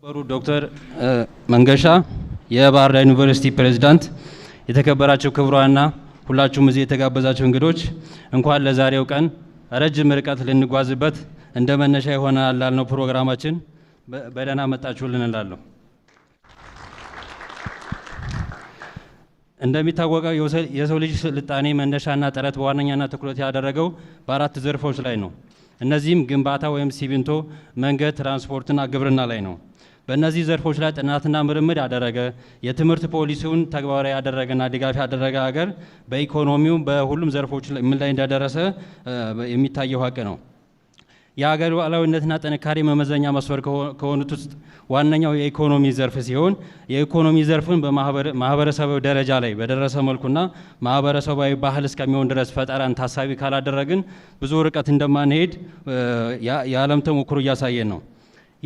የተከበሩ ዶክተር መንገሻ የባህር ዳር ዩኒቨርሲቲ ፕሬዚዳንት፣ የተከበራቸው ክቡራንና ሁላችሁም እዚህ የተጋበዛቸው እንግዶች እንኳን ለዛሬው ቀን ረጅም ርቀት ልንጓዝበት እንደ መነሻ የሆነ ላልነው ፕሮግራማችን በደህና መጣችሁልን እላለሁ። እንደሚታወቀው የሰው ልጅ ስልጣኔ መነሻና ጥረት በዋነኛና ትኩረት ያደረገው በአራት ዘርፎች ላይ ነው። እነዚህም ግንባታ ወይም ሲሚንቶ፣ መንገድ፣ ትራንስፖርትና ግብርና ላይ ነው። በእነዚህ ዘርፎች ላይ ጥናትና ምርምር ያደረገ የትምህርት ፖሊሲውን ተግባራዊ ያደረገና ድጋፍ ያደረገ ሀገር በኢኮኖሚው በሁሉም ዘርፎች ምን ላይ እንደደረሰ የሚታየው ሀቅ ነው። የአገር ሉዓላዊነትና ጥንካሬ መመዘኛ መስፈር ከሆኑት ውስጥ ዋነኛው የኢኮኖሚ ዘርፍ ሲሆን የኢኮኖሚ ዘርፍን በማህበረሰብ ደረጃ ላይ በደረሰ መልኩና ማህበረሰባዊ ባህል እስከሚሆን ድረስ ፈጠራን ታሳቢ ካላደረግን ብዙ ርቀት እንደማንሄድ የዓለም ተሞክሮ እያሳየን ነው።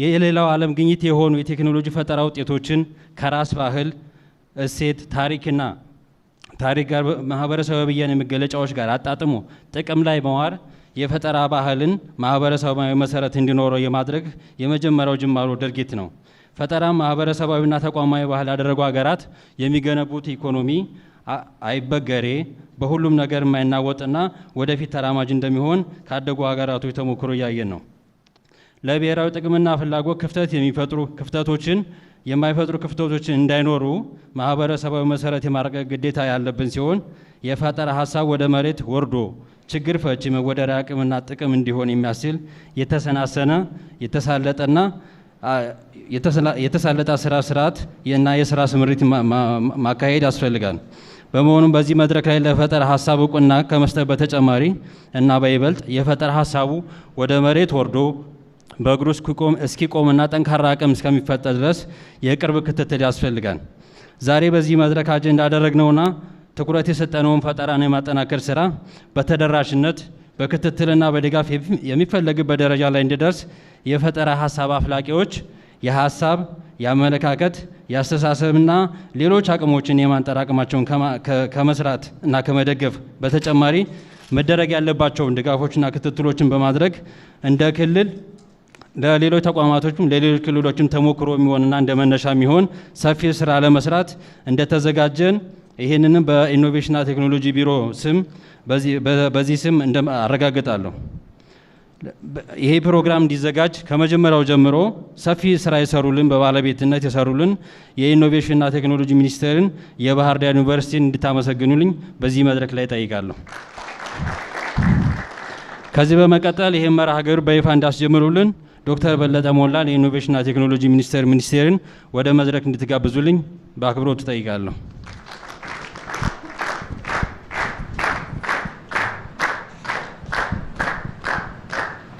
የሌላው ዓለም ግኝት የሆኑ የቴክኖሎጂ ፈጠራ ውጤቶችን ከራስ ባህል እሴት፣ ታሪክና ታሪክ ጋር ማህበረሰባዊ ብያኔ መገለጫዎች ጋር አጣጥሞ ጥቅም ላይ መዋር የፈጠራ ባህልን ማህበረሰባዊ መሰረት እንዲኖረው የማድረግ የመጀመሪያው ጅማሮ ድርጊት ነው። ፈጠራ ማህበረሰባዊና ተቋማዊ ባህል ያደረጉ ሀገራት የሚገነቡት ኢኮኖሚ አይበገሬ፣ በሁሉም ነገር የማይናወጥና ወደፊት ተራማጅ እንደሚሆን ካደጉ ሀገራቶች ተሞክሮ እያየን ነው። ለብሔራዊ ጥቅምና ፍላጎት ክፍተት የሚፈጥሩ ክፍተቶችን የማይፈጥሩ ክፍተቶችን እንዳይኖሩ ማህበረሰባዊ መሰረት የማረቀቅ ግዴታ ያለብን ሲሆን የፈጠራ ሀሳብ ወደ መሬት ወርዶ ችግር ፈቺ መወደሪያ አቅምና ጥቅም እንዲሆን የሚያስችል የተሰናሰነ የተሳለጠና የተሳለጠ ስራ ስርዓት እና የስራ ስምሪት ማካሄድ ያስፈልጋል። በመሆኑም በዚህ መድረክ ላይ ለፈጠራ ሀሳብ እውቅና ከመስጠት በተጨማሪ እና በይበልጥ የፈጠራ ሀሳቡ ወደ መሬት ወርዶ በእግሩ እስኪቆም እስኪቆምና ጠንካራ አቅም እስከሚፈጠር ድረስ የቅርብ ክትትል ያስፈልጋል። ዛሬ በዚህ መድረክ አጀንዳ ያደረግነውና ትኩረት የሰጠነውን ፈጠራን የማጠናከር ስራ በተደራሽነት በክትትልና በድጋፍ የሚፈለግበት ደረጃ ላይ እንዲደርስ የፈጠራ ሀሳብ አፍላቂዎች የሀሳብ የአመለካከት የአስተሳሰብና ሌሎች አቅሞችን የማንጠር አቅማቸውን ከመስራት እና ከመደገፍ በተጨማሪ መደረግ ያለባቸውን ድጋፎችና ክትትሎችን በማድረግ እንደ ክልል ለሌሎች ተቋማቶችም ለሌሎች ክልሎችም ተሞክሮ የሚሆንና እንደ መነሻ የሚሆን ሰፊ ስራ ለመስራት እንደተዘጋጀን ይህንንም በኢኖቬሽንና ቴክኖሎጂ ቢሮ ስም በዚህ ስም አረጋግጣለሁ። ይሄ ፕሮግራም እንዲዘጋጅ ከመጀመሪያው ጀምሮ ሰፊ ስራ የሰሩልን በባለቤትነት የሰሩልን የኢኖቬሽንና ቴክኖሎጂ ሚኒስቴርን የባህር ዳር ዩኒቨርሲቲን እንድታመሰግኑልኝ በዚህ መድረክ ላይ ጠይቃለሁ። ከዚህ በመቀጠል ይህም መርሃ ግብር በይፋ እንዳስጀምሩልን ዶክተር በለጠ ሞላን የኢኖቬሽንና ቴክኖሎጂ ሚኒስቴር ሚኒስቴርን ወደ መድረክ እንድትጋብዙልኝ በአክብሮት ጠይቃለሁ።